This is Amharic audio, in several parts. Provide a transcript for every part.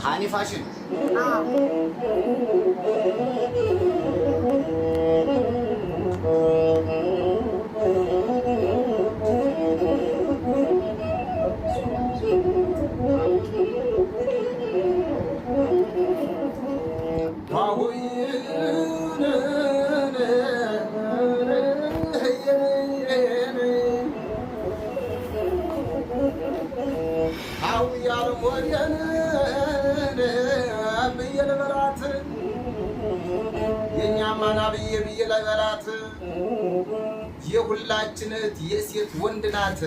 看你发型。ናት። የሁላችን እህት የሴት ወንድ ናት።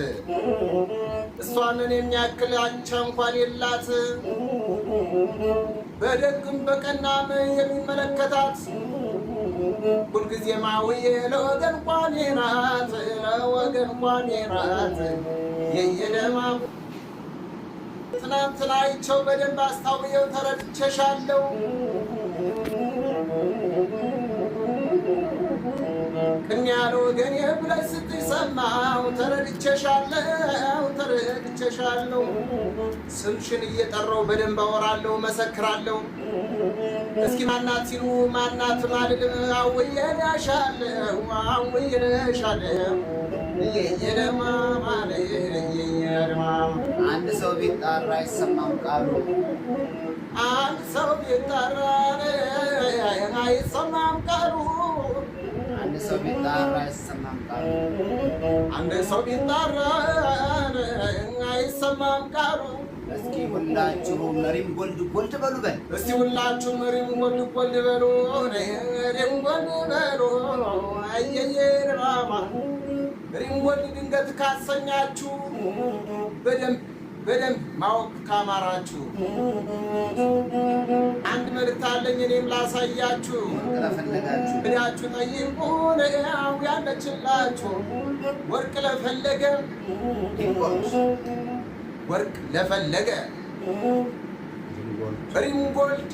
እሷንን የሚያክል አንቻ እንኳን የላት። በደግም በቀናም የሚመለከታት ሁልጊዜ ማውዬ ለወገን ቋኔ ናት፣ ለወገን ቋኔ ናት። የየደማ ትናንትና አይቼው በደንብ አስታውየው ተረድቼሻለሁ። እኔ ያልወገን ብለሽ ስትይ ሰማሁ። ተረድቼሻለሁ ተረድቼሻለሁ። ስምሽን እየጠራሁ በደንብ አወራለሁ መሰክራለሁ። እስኪ ማናት ሲሉ ማናት ማልልም አውየነሻለሁ አንድ ሰው ቢጣራ አይሰማም ቃሉ አንድ ሰው ቢጣራ አይሰማም ቃሉ ሰው ቢጣራ አይሰማም አንድ ሰው ቢጣራ አይሰማም ቃሩ እስኪ ሁላችሁም መሪም ጎልድ ጎልድ በሉ በል። እስኪ ሁላችሁ መሪም ጎልድ ጎልድ በሉ መሪም ጎልድ በሉ አየየራማ መሪም ጎልድ ድንገት ካሰኛችሁ በደንብ በደንብ ማወቅ ካማራችሁ አንድ መልእክት አለኝ እኔም ላሳያችሁ ብላችሁ ጠይቁ ያው ያለችላችሁ ወርቅ ለፈለገ ወርቅ ለፈለገ ሪንጎልድ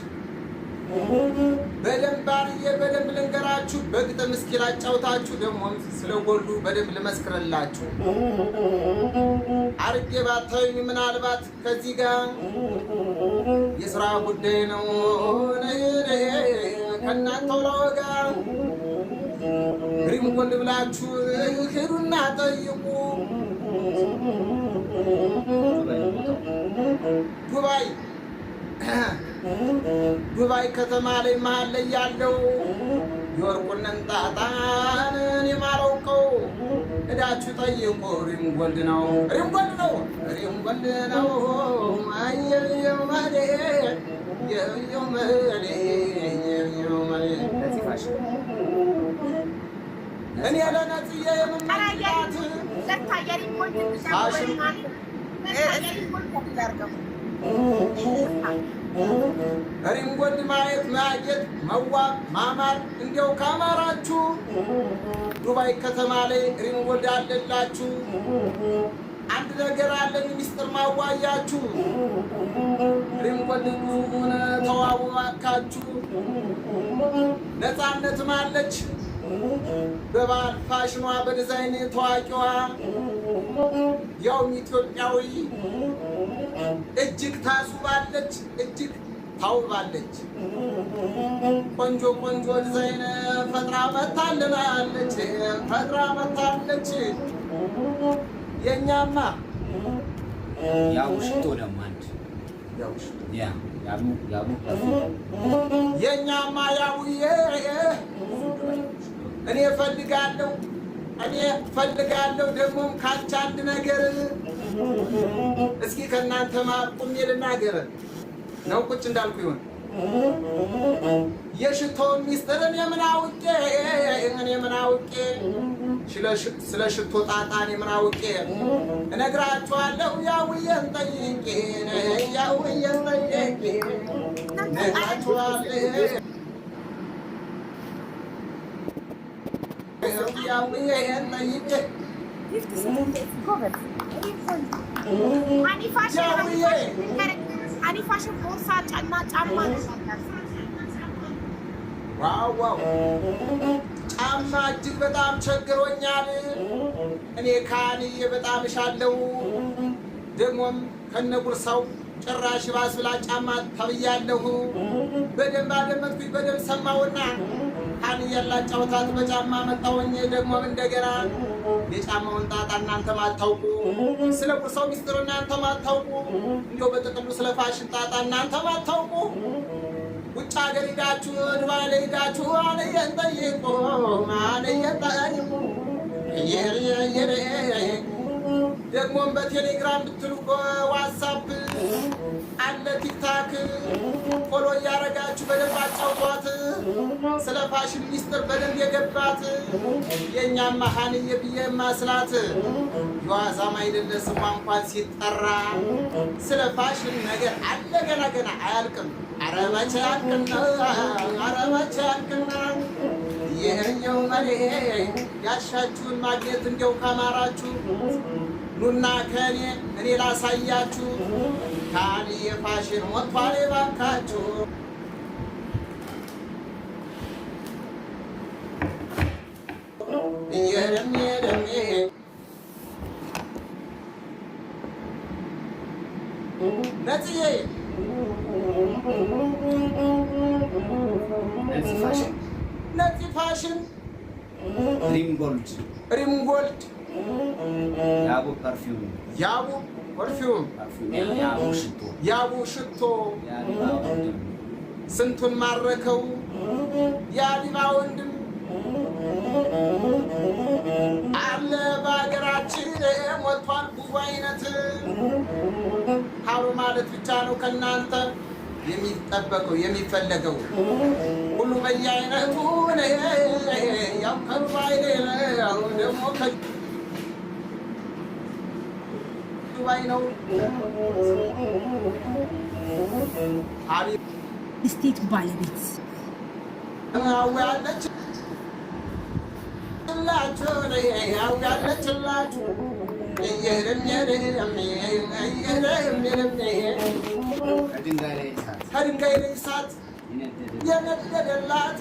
በደንብ አርዬ በደንብ ልንገራችሁ፣ በግጥም እስኪ ላጫውታችሁ፣ ደግሞም ስለጎሉ በደንብ ልመስክርላችሁ። አርጌ ባታዩኝ ምናልባት ከዚህ ጋር የስራ ጉዳይ ነው ከእናንተው ላወጋ ግሪም ጎል ብላችሁ ሄዱና ጠይቁ ጉባኤ ዱባይ ከተማ ላይ መሀል ላይ ያለው የወርቁንን ጣጣን የማረውቀው እዳችሁ ጠይቆ ሪምጎልድ ነው ሪምጎልድ ነው ሪምጎልድ ነው አየየው እኔ ለነጽዬ ፋሽን ሪንጎድ ማየት ማጌጥ መዋብ ማማር እንዲያው ካማራችሁ ዱባይ ከተማ ላይ ሪንጎድ አለላችሁ። አንድ ነገር አለን ሚስጥር ማዋያችሁ ሪንጎድ ሆነ ተዋቡ ነፃነትም አለች በባህል ፋሽኗ በዲዛይን ታዋቂዋ ያውም ኢትዮጵያዊ እጅግ ታሱባለች፣ እጅግ ታውባለች። ቆንጆ ቆንጆ ዲዛይን ፈጥራ መታልናለች፣ ፈጥራ መታለች። የእኛማ ያው ሽቶ ደግሞ አንድ የእኛማ ያውዬ እኔ ፈልጋለሁ እኔ ፈልጋለሁ ደግሞም ካንቺ አንድ ነገር እስኪ ከእናንተ ማቁሜ ልናገር ነው ቁጭ እንዳልኩ ይሁን የሽቶውን ሚስጥርን የምን አውቄ እኔ ምን አውቄ ስለ ሽቶ ጣጣን የምን አውቄ እነግራችኋለሁ ያውዬን ጠይቄ ያውዬን ጠይቄ እነግራችኋለሁ ያውዬን ጠይቄ አኒፋሽን ቦርሳ፣ ጫማ ጫማ ዋው ጫማ እጅግ በጣም ቸግሮኛል። እኔ ካንዬ በጣም እሻለው። ደግሞም ከነጉርሳው ጭራሽ ባስ ብላ ጫማ ተብያለሁ። በደንብ አደመጥኩኝ፣ በደንብ ሰማውና ከአንዬ ያላጫውታት በጫማ መጣውኝ። ደግሞም እንደገና የጫማውን ጣጣ እናንተ አታውቁ፣ ስለ ቁርሳው ሚስጥር እናንተም አታውቁ፣ እንዲያው በጥቅሉ ስለ ፋሽን ጣጣ እናንተም ማታውቁ ውጭ ሀገር ሄዳችሁ ድባ ላይ ሄዳችሁ አለየጠይቁ አለየጠይቁ ደግሞ በቴሌግራም ብትሉ ዋትሳፕ አለ ቲክታክ ፎሎ እያረጋችሁ በደንብ አጫውቷት። ስለ ፋሽን ሚስጥር በደንብ የገባት የእኛ ሀንዬ ብዬ ማስላት የዋዛም አይደለ ስሟ እንኳን ሲጠራ ስለ ፋሽን ነገር አለ ገና ገና አያልቅም። አረመቼ ያልቅና አረመቼ ያልቅና ይህኛው መሌ ያሻችሁን ማግኘት እንደው ከማራችሁ ኑና ከእኔ እኔ ላሳያችሁ ፋሽን የፋሽን ሞቷል ባካችሁ። ነፂ ፋሽን ሪምጎልድ ሪምጎልድ ያቡ ፐርፊውም ያቡ ፐርፊውም ያቡ ሽቶ ስንቱን ማረከው የአሊባ ወንድም አለ በሀገራችን ሞልቷል። ብዙ አይነት ሀሩ ማለት ብቻ ነው ከእናንተ የሚጠበቀው የሚፈለገው ሁሉ በየአይነቱ ያው ከሩባይ ደግሞ ስቴት ባለቤት ከድንጋይ ላይ እሳት የነደደላት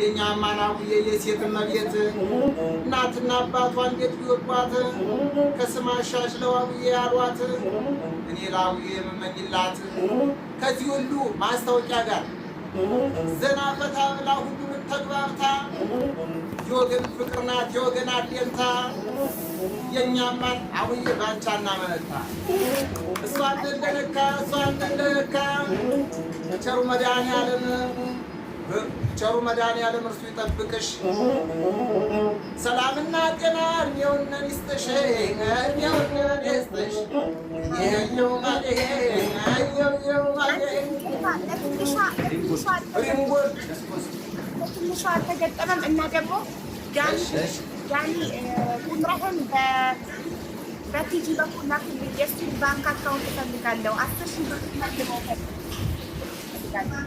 የእኛ አማናዊ የሴት መቤት እናትና አባቷን ቤት ቢወዷት ከስማ ሻሽለዋዊ ያሏት እኔ ላዊ የምመኝላት ከዚህ ሁሉ ማስታወቂያ ጋር ዘና ፈታ ብላ ሁሉምን ተግባብታ የወገን ፍቅር ናት የወገን አደንታ የእኛማን አቡዬ ባቻ እናመነታ እሷ እንደለካ እሷ እንደለካ ቸሩ መድኃኔ ዓለም ቸሩ መድኃኒዓለም እርሱ ይጠብቅሽ፣ ሰላምና ጤና እድሜውን ይስጥሽ። ትንሿ አልተገጠመም እና በቲጂ በኩል ላክልኝ። የእሱን ባንክ አካውንት እፈልጋለሁ። አስር ሺህ ብር መልስ እፈልጋለሁ።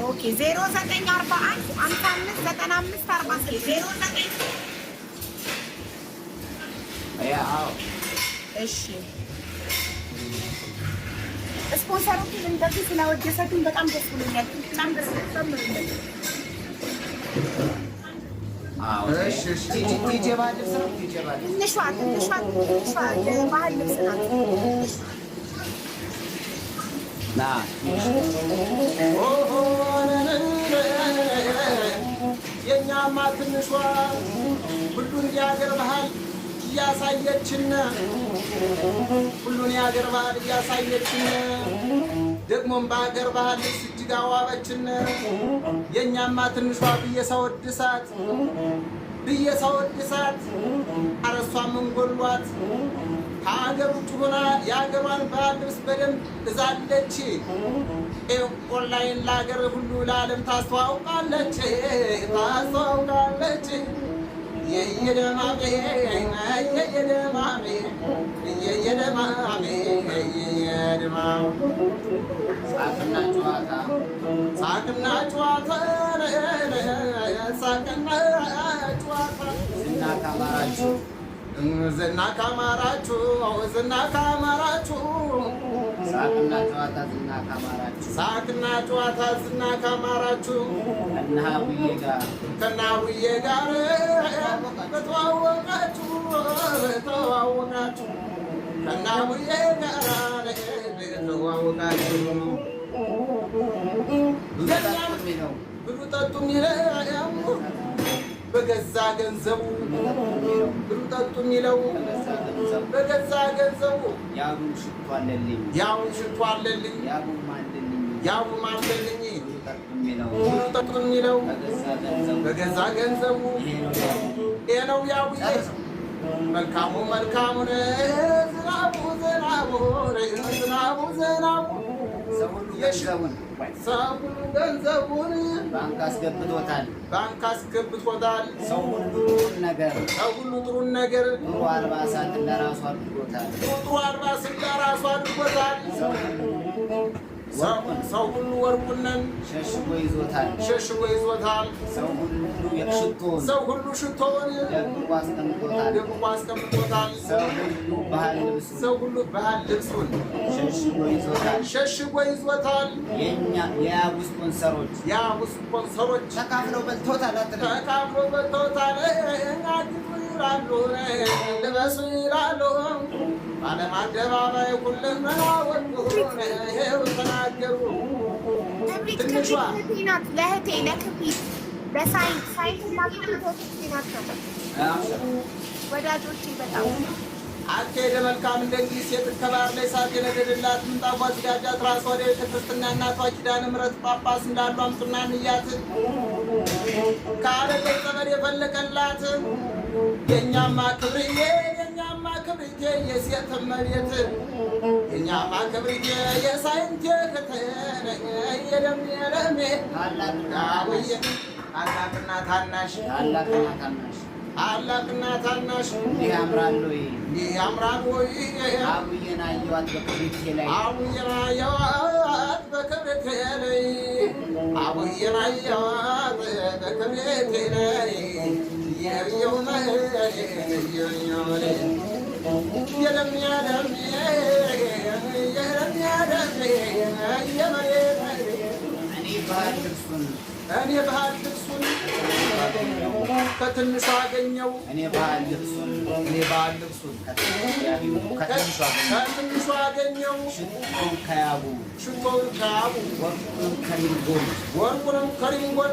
ኦኬ 0941 55 95 46 09 እሺ። ስፖንሰሮችን እንደዚህ ስለወደሰቱን በጣም ደስ ብሎኛል። በጣም ትንሿ ባህል ልብስ ናት። Na. የእኛማ ትንሿ ሁሉን የአገር ባህል እያሳየችን ሁሉን የአገር ባህል እያሳየችን ደግሞም በአገር ባህል ልብስ እጅግ አዋበችን። የእኛማ ትንሿ ብዬ ሳወድሳት ብዬ ሳወድሳት አረሷ ምን ከአገር ውጭ ሆና የአገሯን ባህል ልብስ በደንብ እዛለች። ኦንላይን ለአገር ሁሉ ለዓለም ታስተዋውቃለች ታስተዋውቃለች። ሳቅና ጨዋታ ሳቅና ጨዋታ ዝና ካማራችሁ ዝና ካማራችሁ ሳቅና ጨዋታ ዝና ካማራችሁ ሳቅና ጨዋታ ዝና ካማራችሁ ከናውዬ ጋር ተዋወቃችሁ ተዋወቃችሁ ከናውዬ ጋር ተዋወቃችሁ ብሉ ጠጡ የሚለው በገዛ ገንዘቡ ጠጡ የሚለው በገዛ ገንዘቡ ያቡን ሽቶ አለልኝ ያቡን ሽቶ አለልኝ ያቡም አለልኝ ያቡም አለልኝ የሚለው በገዛ ገንዘቡ ነው ያቡ መልካሙ መልካሙን ዝናቡ ዝናቡ ዝናቡ ዝናቡ ገንዘቡን ሰውኑ ገንዘቡን ባንክ አስገብቶታል፣ ባንክ አስገብቶታል። ሰው ሁሉ ነገር ሰው ሁሉ ጥሩን ነገር ጥሩ አልባሳትን ለራሱ አድርጎታል፣ ጥሩ አልባሳትን ለራሱ አድርጎታል። ሰው ሁሉ ወርቁንም ሸሽጎ ይዞታል ሸሽጎ ይዞታል። ሰው ሁሉ ሽቶውን ደብቆ አስቀምጦታል። ሰው ሁሉ ባህል ልብሱን ሸሽጎ ይዞታል። የያቡ ስፖንሰሮች ተካፍለው በልተውታል። አሉን ይላሉ በዓለም አደባባይ ሁሉም ተናገሩ። ትንሿ አካሄደ መልካም እንደዚህ ሴት ከባህር ላይ እሳት የነደደላት ምንጣፏ ዝጋጃት ራሷ ወደ ክርስትና እናቷ ኪዳነ ምሕረት ጳጳስ እንዳሉ አምጡና ንያት ከአለ ገጸበር የፈለቀላት የእኛማ ክብርዬ የእኛማ ክብርዬ የሴት እመቤት የእኛማ ክብርዬ የሳይንቴ ከተነ የደሜረሜ አላቅናወየ ታላቅና ታናሽ ታላቅና ታናሽ ታላቅና ታናሽ እንዲህ ያምራል እንዲህ ያምራል አቡዬን አየኋት በክብሪቴ ላይ አቡዬን አየኋት በክብሪቴ ላይ አቡዬን አየኋት በክብሪቴ ላይ እኔ ባህል ልብሱን ከትንሹ አገኘው። እኔ ባህል ልብሱን እኔ ባህል ልብሱን ከትንሹ አገኘው። ሽቶውን ከያቡ ሽቶውን ከያቡ ወርቁንም ከሪንጎን ወርቁንም ከሪንጎን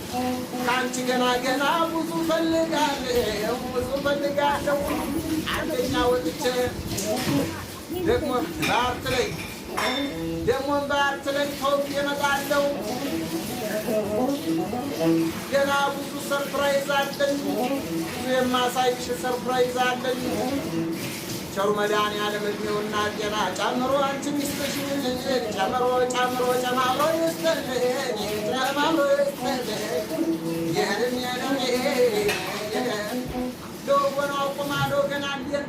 ከአንቺ ገና ገና ብዙ ፈልጋለሁ ብዙ ፈልጋለሁ አንደኛ ወጥቼ ደግሞ በአርትለይ ደግሞም በአርትለይ ተውብ የመጣለው ገና ብዙ ሰርፕራይዝ አለኝ ብዙ የማሳይሽ ሰርፕራይዝ አለኝ። ቸሩ መድኃኒዓለም ዕድሜውና ጤና ጨምሮ አንቺም ይስጥሽን ጨምሮ ጨምሮ ጨማምሮ ይስጥልን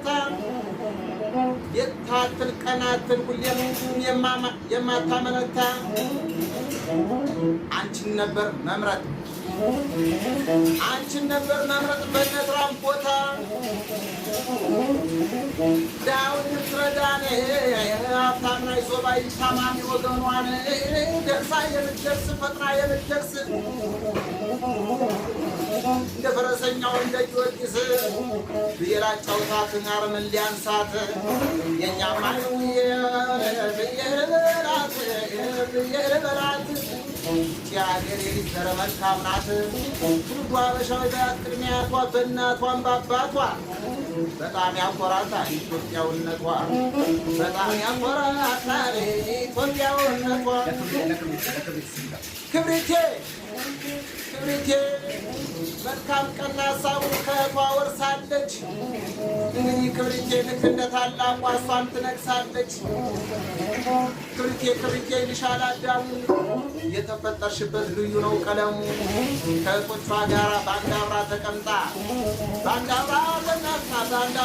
ጨማምሮ የታትል ቀናትል ሁሌም የማታመነታ አንቺን ነበር መምረት አንቺን ነበር መምረጥ በነትራም ቦታ ዳውን ትረዳን ሀብታምና ይሶባይ ታማሚ ወገኗን ደርሳ የምትደርስ ፈጥና የምትደርስ እንደ ፈረሰኛው እንደ ጊዮርጊስ ብየላ ጫውታት ናርምን ሊያንሳት የእኛማ የእለበላት የአገሬ ልጅ ናት። ትውልዷ አበሻዊ በቅድሚያቷ በእናቷም በጣም ያኮራታል ኢትዮጵያዊነቷ፣ በጣም ያኮራታል ኢትዮጵያዊነቷ። ክብሪቴ ክብሪቴ መልካም ቀና ሀሳቡ ከእቷ ወርሳለች። እንግዲህ ክብርቴ ልክ እንደ ታላቋ እሷም ትነግሳለች። ክብርቴ ክብርቴ ይልሻል አዳሙ፣ የተፈጠርሽበት ልዩ ነው ቀለሙ። ከእቶቿ ጋር በአንድ አብራ ተቀምጣ በአንድ አብራ ተናፍና በአንድ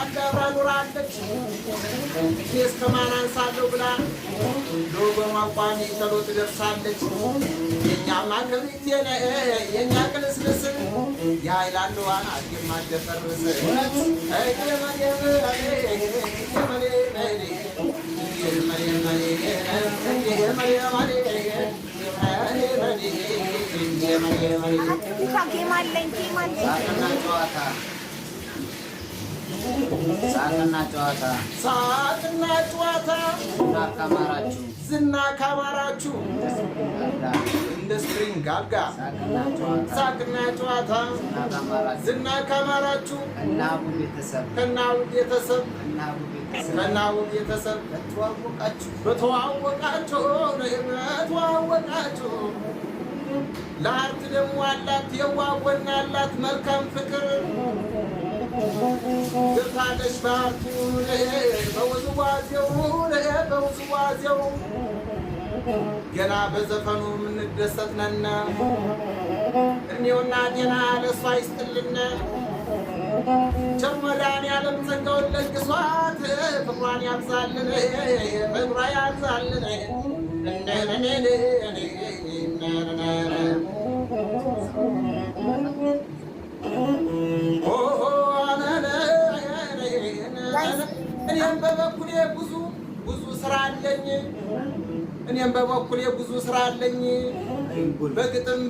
አንድ አብራ ኑራ ብላ ዶጎ ማቋሚ ተሎ ትደርሳለች። የእኛማ ክብሪት የእኛ ቅልስልስን የሀይላንዋን አድማ ደፈርስ ጌማለኝ ጌማለኝ ጨዋታ ሳቅና ጨዋታ ሳቅና ጨዋታ ካማራችሁ ዝና ካማራችሁ እንደ ስፕሪንግ አልጋ ሳቅና ጨዋታ ዝና ካማራችሁ ከናቡ ቤተሰብ ከናቡ ቤተሰብ ቤተሰብ በተዋወቃችሁ በተዋወቃችሁ በተዋወቃችሁ ለአርት ደግሞ አላት የዋወና አላት መልካም ፍቅር ድርታለሽ ባቱ በውዝዋዜው በውዝዋዜው ገና በዘፈኑ የምንደሰት ነን እኔውና ጤና ለእሷ ይስጥልን ቸር መድኃኒዓለም ጸጋውን ለግሷት ፍቅሯን ያብዛልን ፍቅሯ ያብዛልን እነነኔ እኔም በበኩሌ ብዙ ብዙ ስራ አለኝ። እኔም በበኩሌ ብዙ ስራ አለኝ። በግጥም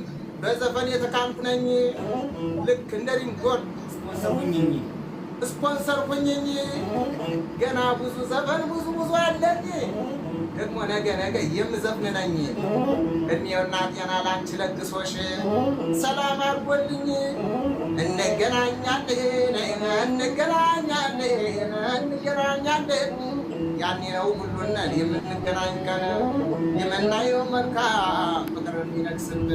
በዘፈን የተካንኩ ነኝ። ልክ እንደ ዲንጎል ስፖንሰር ሁኝኝ። ገና ብዙ ዘፈን ብዙ ብዙ አለኝ። ደግሞ ነገ ነገ የምዘፍን ነኝ እድሜውና ጤና ላንቺ ለግሶሽ ሰላም አርጎልኝ እንገናኛለን እንገናኛለን እንገናኛለን ያኔ ነው ሁሉን የምንገናኝ ቀን የምናየው መልካም ፍቅር የሚነግስብን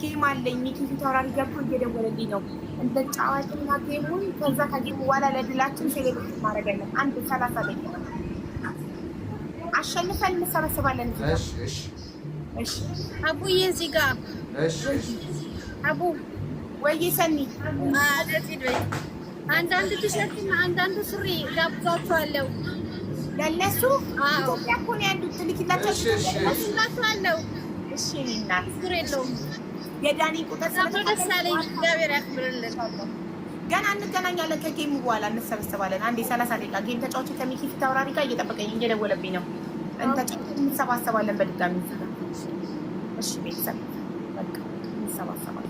ጌም አለኝ ሚኪ ፊታውራሪ ገብቶ እየደወለልኝ ነው። እንደ ጫዋጭና ጌሙ ከዛ ከጌሙ በኋላ ለድላችን ሴሌብሬት እናደርጋለን። አንድ ሰላሳ ደቂቃ አሸንፈን እንሰበስባለን። አቡዬ እዚህ ጋር አቡ ወይ ሰኒ አንዳንድ ቲሸርትና አንዳንዱ ሱሪ ጋብዛችኋለሁ። ለእነሱ ኢትዮጵያ እኮ ነው ያሉት። ትልክላቸው አለው እሺ እናት ችግር የለውም። የዳኒ ቁጥር ደስ አለኝ። እግዚአብሔር ያክብርልን። ገና እንገናኛለን። ከጌም በኋላ እንሰበሰባለን። አንዴ ሰላሳ ደቂቃ ጌም ተጫዋች ከሚኪ ፊት አውራሪ ጋር እየጠበቀኝ እየደወለብኝ ነው። እንሰባሰባለን በድጋሚ እሺ ቤተሰብ እንሰባሰባለን።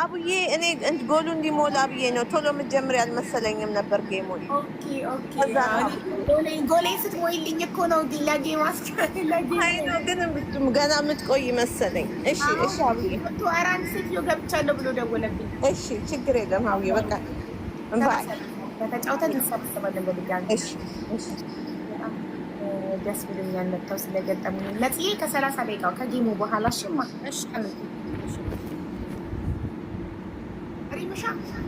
አቡዬ እኔ ጎሉ እንዲሞላ ብዬ ነው። ቶሎ መጀመር አልመሰለኝም ነበር ጌሙ። ጎሌ ስትሞይልኝ እኮ ነው ግን ገና የምትቆይ መሰለኝ። እሺ እሺ፣ አቡዬ አራንድ ሴትዮ ገብቻለሁ ብሎ ደወለብኝ። እሺ ችግር የለም አቡዬ፣ በቃ ተጫውተን እንሰበሰባለን እሺ እሺ ደስ ብሎኛል መጥተው ስለገጠሙ። ከሰላሳ ደቂቃው ከጌሙ በኋላ ሽማ সাক্ষাৎ